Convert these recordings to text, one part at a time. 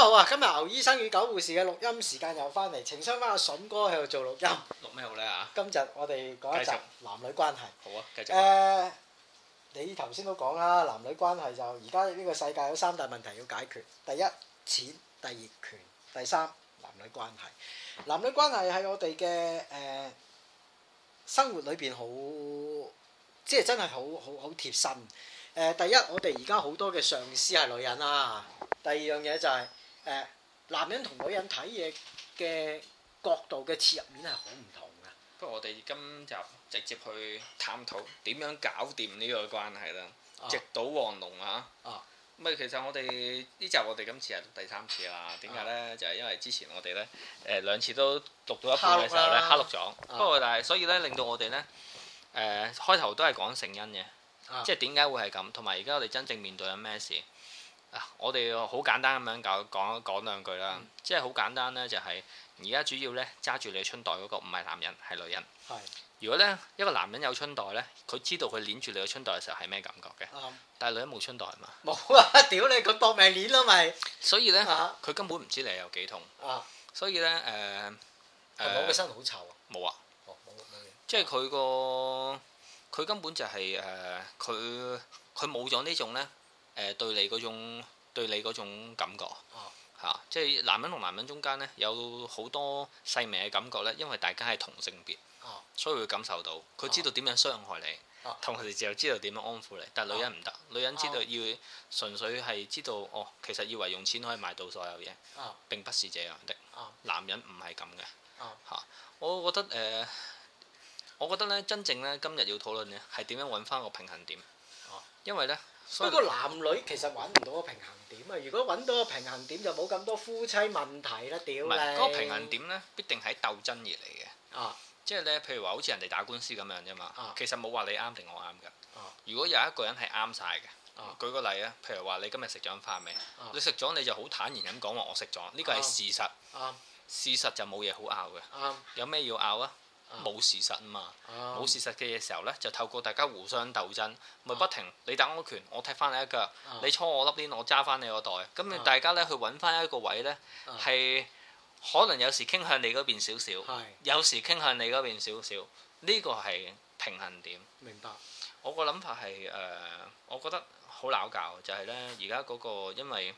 好啊！Hello, 今日牛醫生與狗護士嘅錄音時間又翻嚟，情商翻阿笋哥喺度做錄音。錄咩好咧？啊，今日我哋講一集男女關係。好啊，繼續。誒，uh, 你頭先都講啦，男女關係就而家呢個世界有三大問題要解決：第一，錢，第二權，第三男女關係。男女關係喺我哋嘅誒生活裏邊好，即係真係好好好貼身。誒，第一我哋而家好多嘅上司係女人啦。第二樣嘢就係。誒，男人同女人睇嘢嘅角度嘅切入面係好唔同嘅。不過我哋今集直接去探討點樣搞掂呢個關係啦。直搗黃龍啊，咁其實我哋呢集我哋今次係第三次啦。點解呢？就係因為之前我哋呢誒兩次都錄到一半嘅時候呢，黑錄咗。不過但係所以呢，令到我哋呢誒開頭都係講成因嘅，即係點解會係咁，同埋而家我哋真正面對緊咩事？我哋好簡單咁樣講講講兩句啦，即係好簡單咧，就係而家主要咧揸住你嘅春袋嗰個唔係男人係女人。係。如果咧一個男人有春袋咧，佢知道佢捻住你嘅春袋嘅時候係咩感覺嘅？但係女人冇春袋啊嘛。冇啊！屌你，佢搏命捻咯咪。所以咧，佢根本唔知你有幾痛。啊。所以咧，誒。係咪我嘅身好臭啊？冇啊。即係佢個佢根本就係誒，佢佢冇咗呢種咧。誒、呃、對你嗰種對你嗰種感覺嚇、啊啊，即係男人同男人中間呢，有好多細微嘅感覺呢。因為大家係同性別，啊、所以會感受到佢知道點樣傷害你，啊、同時就知道點樣安撫你。但係女人唔得，啊、女人知道要純粹係知道哦，其實以為用錢可以買到所有嘢，啊、並不是這樣的。男人唔係咁嘅，我覺得誒，我覺得咧、呃，真正呢，今日要討論呢，係點樣揾翻個平衡點，因為呢。不過男女其實揾唔到個平衡點啊！如果揾到個平衡點，就冇咁多夫妻問題啦，屌你！嗰個平衡點呢，必定係鬥爭而嚟嘅。啊，即係呢，譬如話好似人哋打官司咁樣啫嘛。Uh. 其實冇話你啱定我啱㗎。Uh. 如果有一個人係啱晒嘅。啊，uh. 舉個例啊，譬如話你今日食咗餐飯未？Uh. 你食咗你就好坦然咁講話我食咗，呢個係事實。Uh. 事實事就冇嘢好拗嘅。Uh. 有咩要拗啊？冇事實吖嘛，冇、嗯、事實嘅嘢時候呢，就透過大家互相鬥爭，咪、嗯、不停你打我拳，我踢翻你一腳，嗯、你搓我粒煙，我揸翻你個袋，咁你、嗯、大家呢，去揾翻一個位呢，係、嗯、可能有時傾向你嗰邊少少，嗯、有時傾向你嗰邊少少，呢、這個係平衡點。明白。我個諗法係誒、呃，我覺得好撈教，就係、是、呢。而家嗰個，因為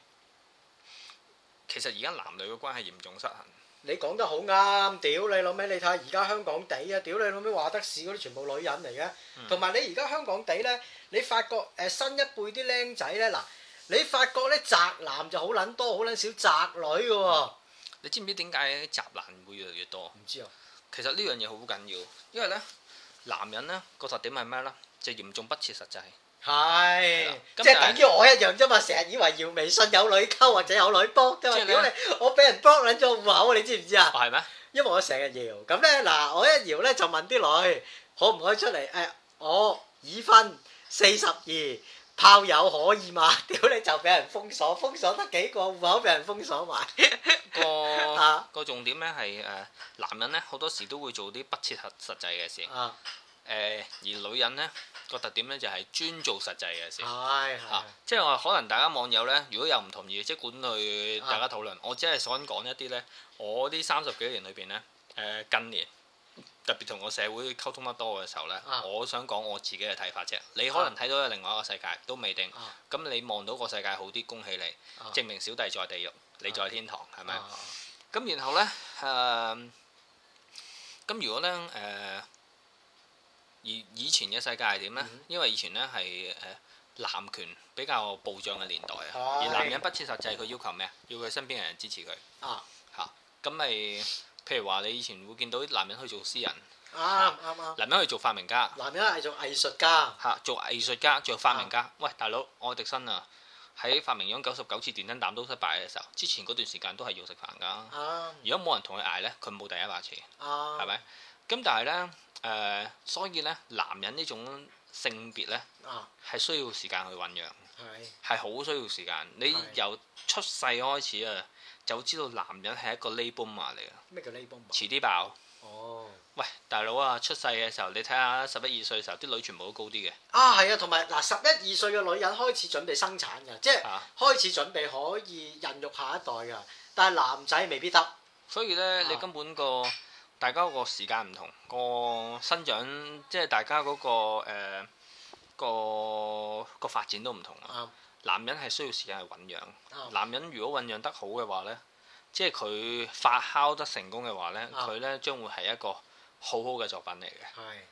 其實而家男女嘅關係嚴重失衡。你講得好啱，屌你老味。你睇下而家香港地啊，屌你老味，話得事嗰啲全部女人嚟嘅，同埋、嗯、你而家香港地呢，你發覺誒、呃、新一輩啲僆仔呢，嗱，你發覺呢宅男就好撚多，好撚少宅女嘅喎、嗯。你知唔知點解宅男會越嚟越多？唔知啊。其實呢樣嘢好緊要，因為呢男人呢，個特點係咩呢？就嚴重不切實際。係，是的即係等於我一樣啫嘛！成日、嗯、以為搖微信有女溝或者有女卜啫嘛！屌你，你，我俾人卜撚咗戶口，你知唔知啊？係咩、哦？因為我成日搖，咁咧嗱，我一搖咧就問啲女可唔可以出嚟？誒、哎，我已婚，四十二，炮友可以嘛？屌你，就俾人封鎖，封鎖得幾個戶口俾人封鎖埋 個。個重點咧係誒男人咧好多時都會做啲不切合實際嘅事啊。嗯誒而女人呢個特點呢，就係專做實際嘅事，嚇，即係我可能大家網友呢，如果有唔同意，即管去大家討論。我只係想講一啲呢：我呢三十幾年裏邊呢，誒近年特別同個社會溝通得多嘅時候呢，我想講我自己嘅睇法啫。你可能睇到另外一個世界都未定，咁你望到個世界好啲，恭喜你，證明小弟在地獄，你在天堂，係咪？咁然後呢，誒，咁如果呢。誒。而以前嘅世界係點呢？因為以前呢係誒男權比較暴漲嘅年代啊，而男人不切實際，佢要求咩啊？要佢身邊嘅人支持佢啊嚇，咁咪譬如話你以前會見到啲男人去做詩人啊啱啊，男人去做發明家，男人係做藝術家嚇，做藝術家做發明家。喂，大佬愛迪生啊，喺發明咗九十九次電燈膽都失敗嘅時候，之前嗰段時間都係要食飯噶。如果冇人同佢捱呢，佢冇第一把匙，係咪？咁但係呢。誒、呃，所以咧，男人呢種性別咧，係、啊、需要時間去醞釀，係是，係好需要時間。是你由出世開始啊，就知道男人係一個 late bloomer 嚟嘅。咩叫 late bloomer？遲啲爆。哦。喂，大佬啊，出世嘅時候，你睇下，十一二歲嘅時候，啲女全部都高啲嘅。啊，係啊，同埋嗱，十一二歲嘅女人開始準備生產嘅，即係開始準備可以孕育下一代噶，但係男仔未必得。啊、所以咧，你根本個。啊大家個時間唔同，個生長即係大家嗰、嗰個誒、呃、個個發展都唔同。嗯、男人係需要時間去醖釀。嗯、男人如果醖釀得好嘅話呢，即係佢發酵得成功嘅話、嗯、呢佢呢將會係一個好好嘅作品嚟嘅。係、嗯，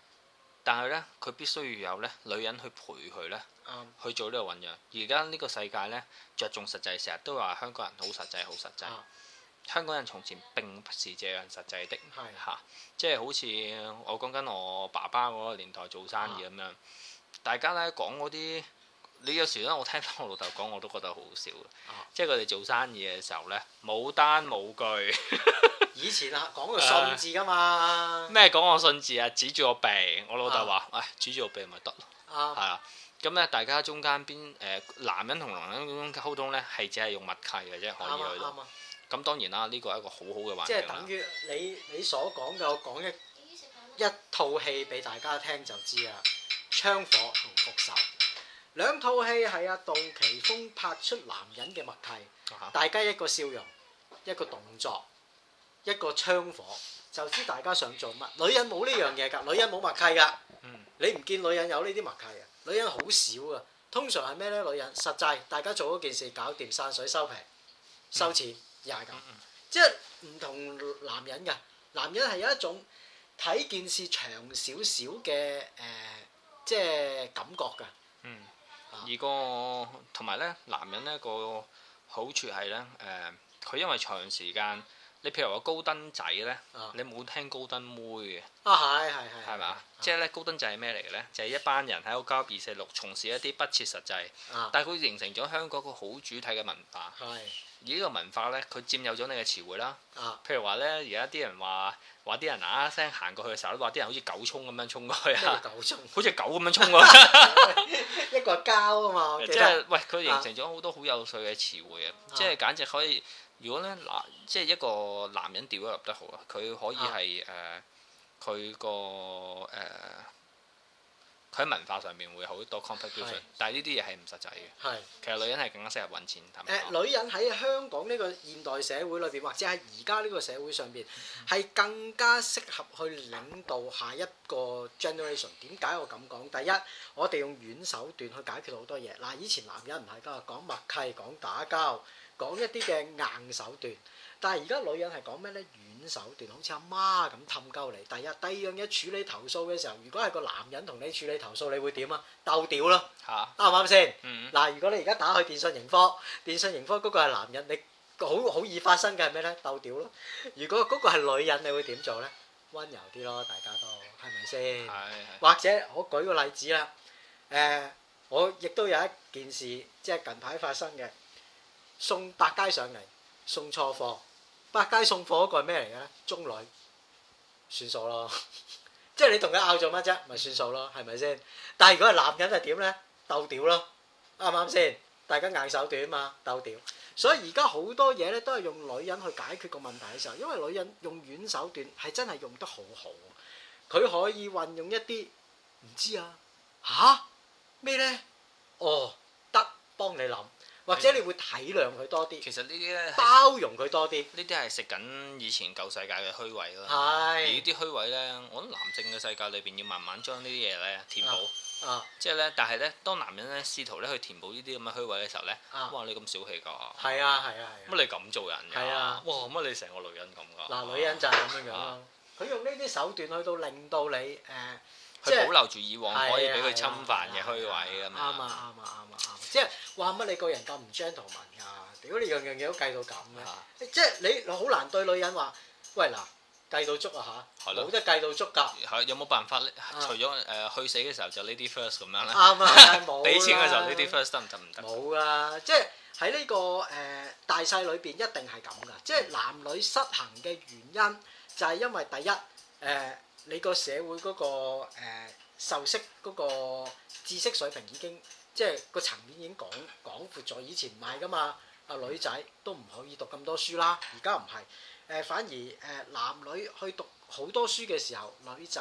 但係呢，佢必須要有咧女人去陪佢呢、嗯、去做呢個醖釀。而家呢個世界呢，着重實際，成日都話香港人好實際，好實際。嗯香港人從前並不是這樣實際的，嚇的、啊，即係好似我講緊我爸爸嗰個年代做生意咁樣，啊、大家咧講嗰啲，你有時咧我聽翻我老豆講，我都覺得好笑。啊、即係佢哋做生意嘅時候咧冇單冇據、嗯，以前啊講個信字噶嘛，咩講個信字啊？指住我鼻，我老豆話：誒指住我鼻咪得咯，係啊，咁咧、哎啊、大家中間邊誒男人同男人嗰種溝通咧係只係用默契嘅啫，可以去到。咁當然啦，呢、這個係一個好好嘅環境啦。即係等於你你所講嘅，我講一一套戲俾大家聽就知啦。槍火同復仇兩套戲係阿杜琪峯拍出男人嘅默契，大家一個笑容，一個動作，一個槍火，就知大家想做乜。女人冇呢樣嘢㗎，女人冇默契㗎。嗯、你唔見女人有呢啲默契啊？女人好少㗎，通常係咩呢？女人實際大家做嗰件事搞掂，散水收皮收錢。嗯又係咁，嗯嗯，即係唔同男人㗎。男人係有一種睇件事長少少嘅，誒，即係感覺㗎。嗯，而個同埋咧，男人咧個好處係咧，誒、呃，佢因為長時間。你譬如話高登仔咧，你冇聽高登妹嘅啊？係係係，係嘛？即係咧，高登仔係咩嚟嘅咧？就係一班人喺度交二四六，從事一啲不切實際，但係佢形成咗香港個好主體嘅文化。係而呢個文化咧，佢佔有咗你嘅詞彙啦。譬如話咧，而家啲人話話啲人啊聲行過去嘅時候，話啲人好似狗衝咁樣衝過去啊！狗衝，好似狗咁樣衝過去，一個膠啊嘛。即係喂，佢形成咗好多好有趣嘅詞彙啊！即係簡直可以。如果咧，男即係一個男人咗入得好啊，佢可以係誒佢個誒佢喺文化上面會好多 competition，但係呢啲嘢係唔實際嘅。係是其實女人係更加適合揾錢，係咪是、呃？女人喺香港呢個現代社會裏邊，或者喺而家呢個社會上邊，係更加適合去領導下一個 generation。點解我咁講？第一，我哋用軟手段去解決好多嘢。嗱、啊，以前男人唔係㗎，講默契，講打交。講一啲嘅硬手段，但係而家女人係講咩咧？軟手段，好似阿媽咁氹鳩你。日，第二，第二樣嘢，處理投訴嘅時候，如果係個男人同你處理投訴，你會點啊？鬥屌咯，啱唔啱先？嗱，如果你而家打去電訊盈科，電訊盈科嗰個係男人，你好好易發生嘅係咩咧？鬥屌咯。如果嗰個係女人，你會點做咧？溫柔啲咯，大家都係咪先？對對的或者我舉個例子啦。誒、呃，我亦都有一件事，即係近排發生嘅。送百佳上嚟送錯貨，百佳送貨嗰個係咩嚟嘅咧？中女算數咯， 即係你同佢拗做乜啫，咪算數咯，係咪先？但係如果係男人係點咧？鬥屌咯，啱唔啱先？大家硬手段啊嘛，鬥屌。 所以而家好多嘢咧，都係用女人去解決個問題嘅時候，因為女人用軟手段係真係用得好好。佢可以運用一啲唔知啊吓？咩、啊、咧？哦，得幫你諗。或者你會體諒佢多啲，其實呢啲咧，包容佢多啲。呢啲係食緊以前舊世界嘅虛位咯。係呢啲虛位咧，我諗男性嘅世界裏邊要慢慢將呢啲嘢咧填補。即係咧，但係咧，當男人咧試圖咧去填補呢啲咁嘅虛位嘅時候咧，哇！你咁小氣㗎，係啊係啊係。乜你咁做人嘅？哇！乜你成個女人咁㗎？嗱，女人就係咁樣樣。佢用呢啲手段去到令到你誒，即保留住以往可以俾佢侵犯嘅虛位㗎嘛。啱啊！啱啊！啱。即係話乜？你個人咁唔 gentleman 噶，如果你樣樣嘢都計到咁咧，即係你好難對女人話喂，嗱，計到足啊，嚇，男冇得計到足㗎，有冇辦法咧？除咗誒去死嘅時候就 lady first 咁樣咧，啱啊，冇俾錢嘅時候 lady first 得唔得唔得，冇啊。即係喺呢個誒大細裏邊一定係咁噶。即係男女失衡嘅原因就係因為第一誒你個社會嗰個誒受識嗰個知識水平已經。即係個層面已經廣廣闊咗，以前唔係噶嘛。阿女仔都唔可以讀咁多書啦，而家唔係。誒、呃，反而誒男女去讀好多書嘅時候，女仔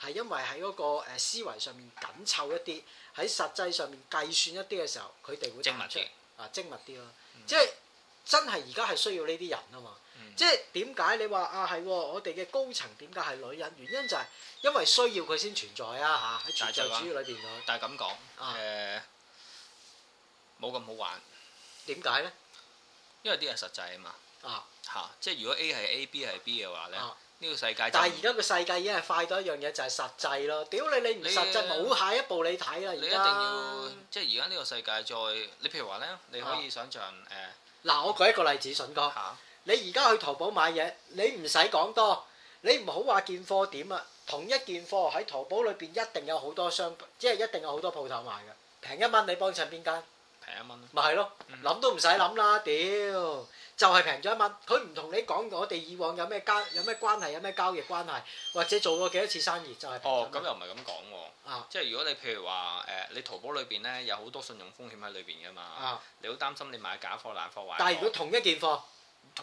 係因為喺嗰個思維上面緊湊一啲，喺實際上面計算一啲嘅時候，佢哋會出精密啲。啊，精密啲咯，嗯、即係。真係而家係需要呢啲人啊嘛，嗯、即係點解你話啊，係我哋嘅高層點解係女人？原因就係因為需要佢先存在啊嚇，喺存在主義裏邊咯。但係咁講誒，冇、呃、咁、啊、好玩。點解咧？因為啲人實際嘛啊嘛啊嚇，即係如果 A 係 A，B 係 B 嘅話咧，呢、啊、個世界就，但係而家個世界已經係快到一樣嘢就係實際咯。屌你，你唔實際冇你下一步你睇啊！而家你一定要，即係而家呢個世界再，你譬如話咧，你可以想象誒。啊啊啊嗱，我舉一個例子，筍哥，啊、你而家去淘寶買嘢，你唔使講多，你唔好話件貨點啊，同一件貨喺淘寶裏邊一定有好多商，即係一定有好多鋪頭賣嘅，平一蚊你幫襯邊間？平一蚊，咪係咯，諗都唔使諗啦，屌，就係平咗一蚊。佢唔同你講我哋以往有咩交，有咩關係，有咩交易關係，或者做過幾多次生意就係、是。哦，咁又唔係咁講喎，啊、即係如果你譬如話誒、呃，你淘寶裏邊咧有好多信用風險喺裏邊嘅嘛，啊、你好擔心你買假貨爛貨壞。但係如果同一件貨，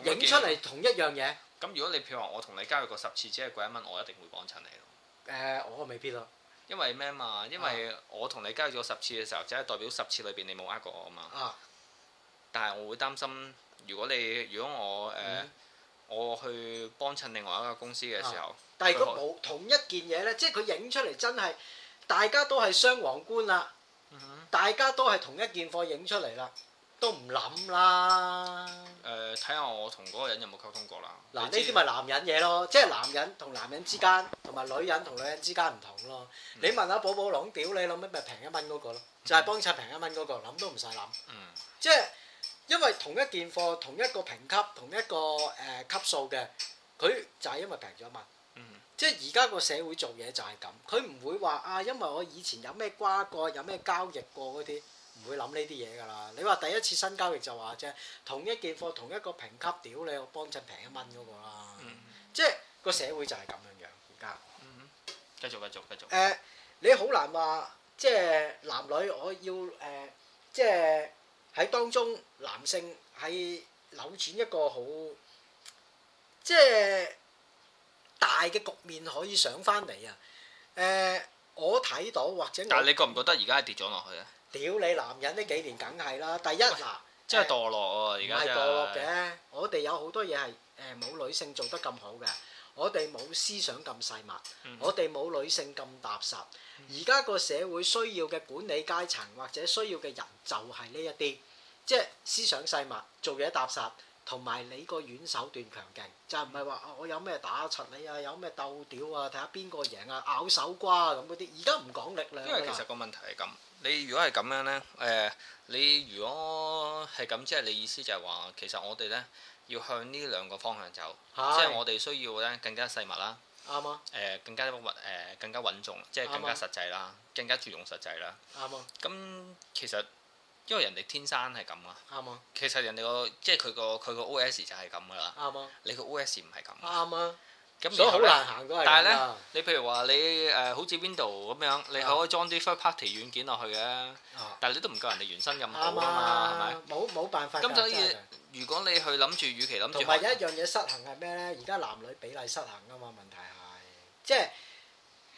影出嚟同一樣嘢，咁如果你譬如話我同你交易過十次，只係貴一蚊，我一定會幫襯你咯。誒，我未必咯。因為咩嘛？因為我同你交易咗十次嘅時候，就係、啊、代表十次裏邊你冇呃過我啊嘛。啊，但係我會擔心如、如果你，如果我誒、呃嗯、我去幫襯另外一個公司嘅時候，啊、但係如果冇同一件嘢呢，即係佢影出嚟真係大家都係雙皇冠啦，大家都係、嗯、哼同一件貨影出嚟啦。都唔諗啦。誒，睇下我同嗰個人有冇溝通過啦。嗱，呢啲咪男人嘢咯，即係男人同男人之間，同埋女人同女人之間唔同咯。你問下寶寶朗，屌你，諗咩？咪平一蚊嗰個咯，就係幫襯平一蚊嗰個，諗都唔使諗。嗯。即係因為同一件貨、同一個評級、同一個誒級數嘅，佢就係因為平咗一蚊。嗯。即係而家個社會做嘢就係咁，佢唔會話啊，因為我以前有咩瓜過，有咩交易過嗰啲。唔會諗呢啲嘢㗎啦！你話第一次新交易就話啫，即係同一件貨、同一個評級，屌你，我幫襯平一蚊嗰個啦。即係個社會就係咁樣樣，而家。繼續繼續繼續。誒、呃，你好難話，即係男女，我要誒、呃，即係喺當中男性係扭轉一個好即係大嘅局面，可以上翻嚟啊！誒、呃，我睇到或者。但係你覺唔覺得而家係跌咗落去啊？屌你男人呢幾年梗係啦！第一嗱，即係喂、啊、墮落喎，而家唔係墮落嘅。嗯、我哋有好多嘢係誒冇女性做得咁好嘅，我哋冇思想咁細密，嗯、我哋冇女性咁踏實。而家、嗯、個社會需要嘅管理階層或者需要嘅人就係呢一啲，即係思想細密、做嘢踏實，同埋你個軟手段強勁，就唔係話我有咩打柒你啊，有咩鬥屌啊，睇下邊個贏啊，拗手瓜咁嗰啲。而家唔講力量。因為其實、個問題係咁。啊啊你如果係咁樣呢？誒、呃，你如果係咁，即係你意思就係話，其實我哋呢要向呢兩個方向走，Yes. 即係我哋需要呢更加細密啦，啱啊 Yes.、呃，誒更加穩、呃、更加穩重，即係更加實際啦，更加注重實際啦，啱咁 Yes. 其實因為人哋天生係咁啊，啱 Yes. 其實人哋個即係佢個佢個 O S 就係咁噶啦，啱，你個 O S 唔係咁，啱啊。咁所以好難行噶，但係咧，你譬如話你誒，好似 Windows 咁樣，你可以裝啲 third party 軟件落去嘅，但係你都唔夠人哋原生咁好㗎嘛，係咪？冇冇辦法㗎。咁所以如果你去諗住，與其諗住同埋一樣嘢失衡係咩咧？而家男女比例失衡㗎嘛，問題係即係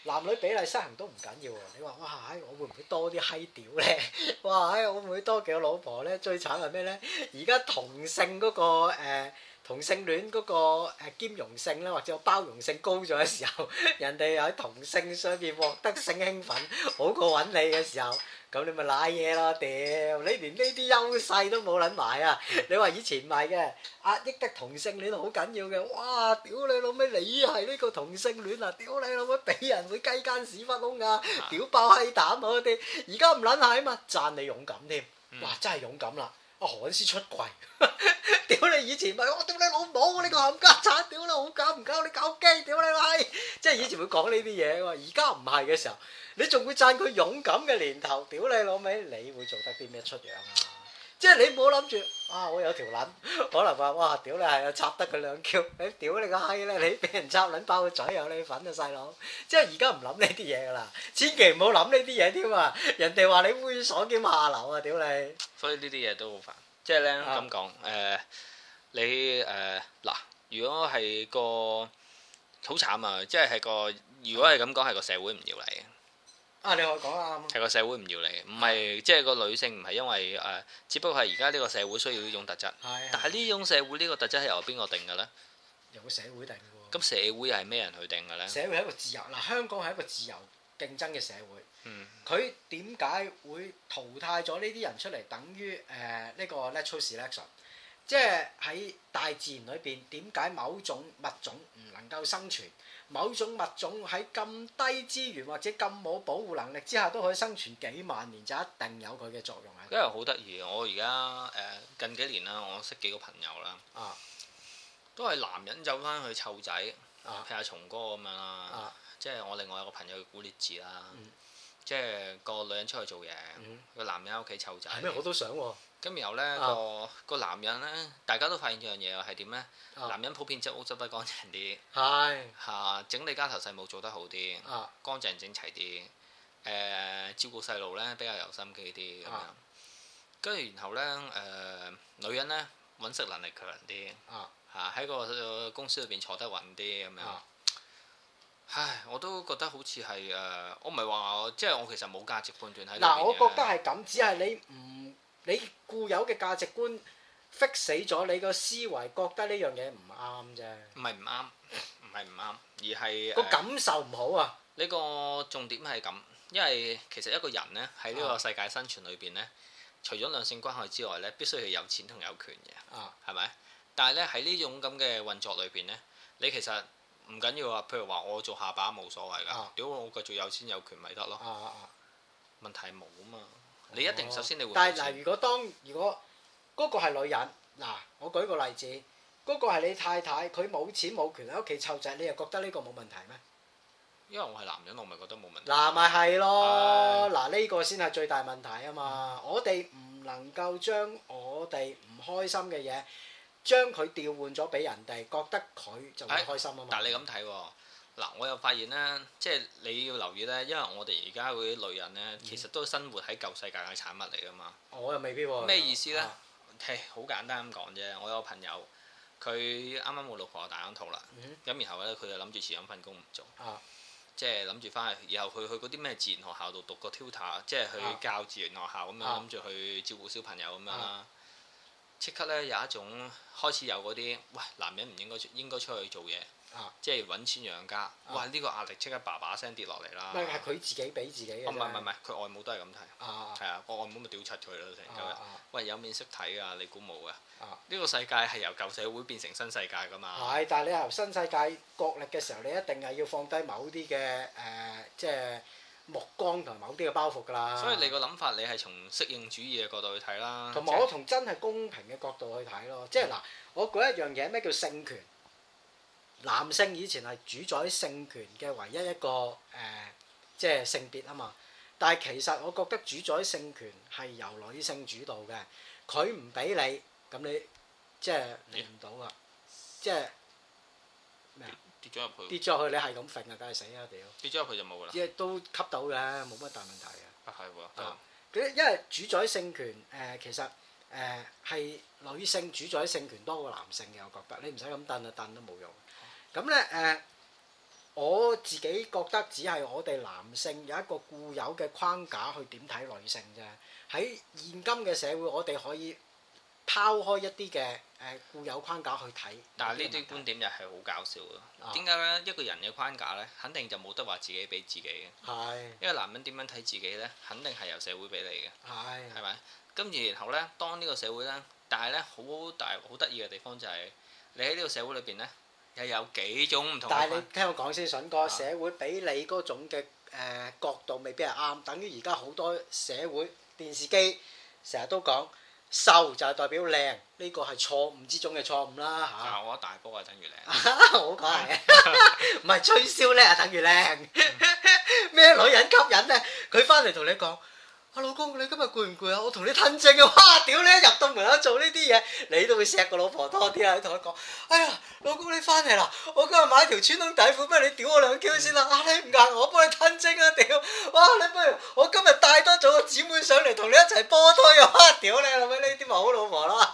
男女比例失衡都唔緊要喎。你話哇，唉，我會唔會多啲閪屌咧？哇，唉，我會唔會多幾個老婆咧？最慘係咩咧？而家同性嗰個誒。同性戀嗰個兼容性啦，或者我包容性高咗嘅時候，人哋又喺同性上邊獲得性興奮，好過揾你嘅時候，咁 你咪賴嘢咯？屌！ 你連呢啲優勢都冇撚埋啊！你話以前唔係嘅，壓抑的同性戀好緊要嘅。哇！屌你老味，你係呢個同性戀啊！屌你老味，俾人會雞奸屎忽窿噶！屌爆閪膽啊！啲而家唔撚下啊嘛？讚你勇敢添，哇！真係勇敢啦～ 阿韓師出櫃，屌 你以前咪我屌你老母你呢個冚家鏟，屌你好搞唔搞，搞，搞你搞基，屌你咪，即係以前會講呢啲嘢嘅而家唔係嘅時候，你仲會贊佢勇敢嘅年頭，屌你老味，你會做得啲咩出樣啊？即係你唔好諗住，啊我有條撚可能話，哇屌你係插得佢兩橋，哎屌你個閪啦！你俾人插撚爆個嘴有你份啊細佬！即係而家唔諗呢啲嘢噶啦，千祈唔好諗呢啲嘢添啊！人哋話你猥瑣兼下流啊！屌你！所以呢啲嘢都好煩。即係咧，咁講，誒、呃、你誒嗱、呃，如果係個好慘啊！即係係個，如果係咁講係個社會唔要你啊！啊！你可以講啊，係、嗯、個社會唔要你嘅，唔係即係個女性唔係因為誒、呃，只不過係而家呢個社會需要呢種特質。係。但係呢種社會呢個特質係由邊個定嘅咧？由個社會定嘅喎。咁社會係咩人去定嘅咧？社會係一個自由，嗱香港係一個自由競爭嘅社會。嗯。佢點解會淘汰咗呢啲人出嚟？等於誒呢、呃呢個 natural selection 即係喺大自然裏邊，點解某種物種唔能夠生存？某種物種喺咁低資源或者咁冇保護能力之下都可以生存幾萬年，就一定有佢嘅作用。因為好得意，我而家誒近幾年啦，我識幾個朋友啦，啊、都係男人走翻去湊仔，譬如阿、啊、松哥咁樣啦，啊、即係我另外有個朋友叫古烈治啦，嗯、即係個女人出去做嘢，個、嗯、男人喺屋企湊仔。係咩？我都想、啊咁然後咧個個男人咧，大家都發現一樣嘢，係點咧？男人普遍執屋執得乾淨啲，係嚇整理家頭細務做得好啲，乾淨整齊啲。誒，照顧細路咧比較有心機啲咁樣。跟住然後咧，誒，女人咧揾食能力強啲，嚇，喺個公司裏邊坐得穩啲咁樣。唉，我都覺得好似係。誒，我唔係話即係我其實冇價值判斷喺度，我覺得係咁，只係你唔。你固有嘅價值觀 fix 死咗你個思維，覺得呢樣嘢唔啱啫。唔係唔啱，唔係唔啱，而係個感受唔好啊。呢個重點係咁，因為其實一個人呢，喺呢個世界生存裏邊呢，除咗兩性關係之外呢，必須係有錢同有權嘅。啊，係咪？但係呢，喺呢種咁嘅運作裏邊呢，你其實唔緊要啊。譬如話我做下巴，冇所謂噶，屌、啊、我繼續有錢有權咪得咯。啊啊問題冇啊嘛。你一定首先你會、哦，但係嗱、呃，如果當如果嗰個係女人嗱，我舉個例子，嗰、嗰個係你太太，佢冇錢冇權喺屋企湊仔，你又覺得呢個冇問題咩？因為我係男人，我咪覺得冇問題。嗱，咪係咯，嗱呢是、呢個先係最大問題啊嘛！我哋唔能夠將我哋唔開心嘅嘢，將佢調換咗俾人哋，覺得佢就唔開心啊嘛。但係你咁睇喎。嗱，我又發現咧，即係你要留意咧，因為我哋而家嗰啲女人咧，其實都生活喺舊世界嘅產物嚟噶嘛。我又未必喎、啊。咩意思咧？係、嗯嗯，好簡單咁講啫。我有個朋友佢啱啱冇老婆，大亨肚啦，咁然後咧佢就諗住辭咗份工唔做，即係諗住翻去。然後佢去嗰啲咩自然學校度讀個 tutor，即係去教自然學校咁樣，諗住去照顧小朋友咁樣啦。即嗯嗯刻咧有一種開始有嗰啲喂男人唔應該出應該出去做嘢。即係揾錢養家，哇！呢個壓力即刻把把聲跌落嚟啦。唔係，係佢自己俾自己嘅。唔係唔係，佢外母都係咁睇。啊，係啊，個外母咪屌柒佢咯成嚿人。喂，有面識睇㗎，你估冇㗎？啊，呢個世界係由舊社會變成新世界㗎嘛。係，但係你由新世界角力嘅時候，你一定係要放低某啲嘅誒，即係目光同埋某啲嘅包袱㗎啦。所以你個諗法，你係從適應主義嘅角度去睇啦。同埋我從真係公平嘅角度去睇咯，即係嗱，我講一樣嘢，咩叫性權？男性以前係主宰性權嘅唯一一個誒，即係性別啊嘛。但係其實我覺得主宰性權係由女性主導嘅。佢唔俾你咁，你即係嚟唔到啊！即係跌跌咗入去，跌咗去你係咁瞓啊，梗係死呀屌！跌咗入去就冇啦，即係都吸到嘅，冇乜大問題啊。係喎，佢因為主宰性權誒，其實誒係女性主宰性權多過男性嘅。我覺得你唔使咁掙啊，掙都冇用。咁咧誒，我自己覺得只係我哋男性有一個固有嘅框架去點睇女性啫。喺現今嘅社會，我哋可以拋開一啲嘅誒固有框架去睇。但係呢啲觀點又係好搞笑嘅。點解咧？一個人嘅框架咧，肯定就冇得話自己俾自己嘅。係是。一個男人點樣睇自己咧？肯定係由社會俾你嘅。係是。係咪？咁而然後咧，當呢個社會咧，但係咧好大好得意嘅地方就係你喺呢個社會裏邊咧。又有幾種唔同，但係你聽我講先，筍哥，社會俾你嗰種嘅誒角度未必係啱，等於而家好多社會電視機成日都講瘦就係代表靚，呢個係錯誤之中嘅錯誤啦嚇。我一大波啊，等於靚。我講係，唔係吹簫咧，就等於靚。咩女人吸引咧？佢翻嚟同你講。啊老公，你今日攰唔攰啊？我同你吞精啊！哇，屌你一入到門口做呢啲嘢，你都會錫個老婆多啲啊！你同佢講，哎呀，老公你翻嚟啦！我今日買條穿窿底褲，不如你屌我兩 Q 先啦！嗯、啊你唔硬，我幫你吞精啊！屌，哇你不如我今日帶多咗個姊妹上嚟同你一齊波推啊！哇屌你老味，你點話好老婆啦？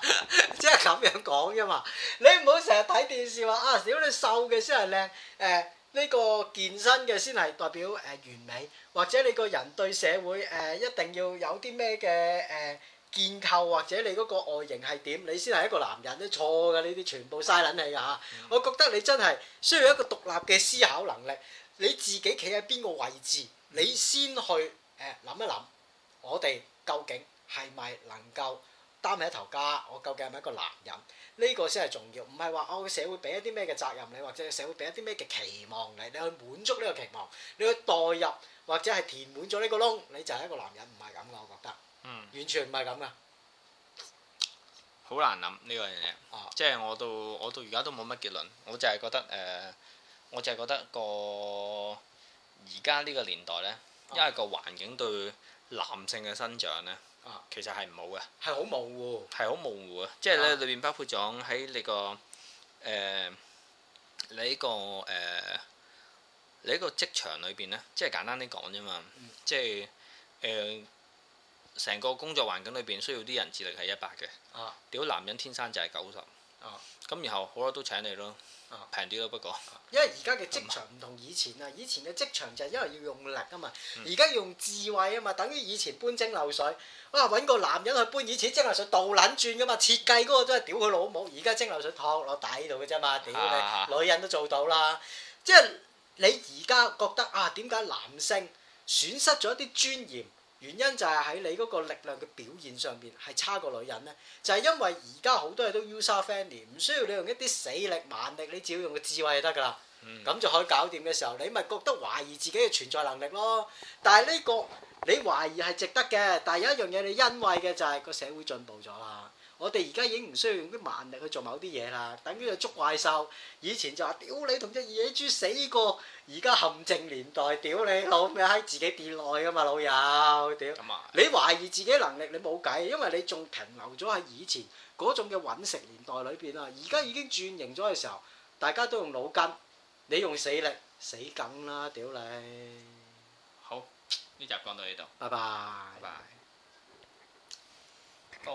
即係咁樣講啫嘛！你唔好成日睇電視話啊，屌你瘦嘅先係靚，誒。呢個健身嘅先係代表誒完美，或者你個人對社會誒、呃、一定要有啲咩嘅誒建構，或者你嗰個外形係點，你先係一個男人都錯嘅，呢啲全部嘥撚氣㗎嚇！嗯、我覺得你真係需要一個獨立嘅思考能力，你自己企喺邊個位置，嗯、你先去誒諗、呃、一諗，我哋究竟係咪能夠？三起一頭家，我究竟係咪一個男人？呢、這個先係重要，唔係話我個社會俾一啲咩嘅責任你，或者社會俾一啲咩嘅期望你，你去滿足呢個期望，你去代入或者係填滿咗呢個窿，你就係一個男人，唔係咁噶，我覺得，嗯、完全唔係咁噶，好難諗呢、這個嘢，即係、哦、我到我到而家都冇乜結論，我就係覺得誒、呃，我就係覺得個而家呢個年代呢，因為個環境對男性嘅生長呢。哦啊，其實係唔好嘅，係好模糊，係好模糊啊！即係咧，裏、啊、面包括咗喺你個誒、呃，你、這個誒、呃，你個職場裏邊呢，即係簡單啲講啫嘛，即係成個工作環境裏邊需要啲人智力係一百嘅，屌、啊、男人天生就係九十，咁然後好多都請你咯。平啲咯，啊、不過，啊、因為而家嘅職場唔同以前啦、啊，以前嘅職場就係因為要用力啊嘛，而家、嗯、用智慧啊嘛，等於以前搬蒸餾水，哇、啊、揾個男人去搬以前蒸餾水倒撚轉噶嘛，設計嗰個真係屌佢老母，而家蒸餾水託落底度嘅啫嘛，屌你、啊、女人都做到啦，即係你而家覺得啊點解男性損失咗一啲尊嚴？原因就係喺你嗰個力量嘅表現上面，係差過女人咧，就係、是、因為而家好多嘢都 user friendly，唔需要你用一啲死力、蠻力，你只要用個智慧就得噶啦，咁就可以搞掂嘅時候，你咪覺得懷疑自己嘅存在能力咯。但係呢個你懷疑係值得嘅，但係有一樣嘢你欣慰嘅就係個社會進步咗啦。我哋而家已經唔需要用啲蠻力去做某啲嘢啦，等於捉怪獸。以前就話屌你同隻野豬死過，而家陷阱年代，屌你老咩喺自己跌落去噶嘛老友，屌！你懷疑自己能力你冇計，因為你仲停留咗喺以前嗰種嘅揾食年代裏邊啦。而家已經轉型咗嘅時候，大家都用腦筋，你用死力死梗啦！屌你，好，呢集講到呢度，拜拜。拜拜。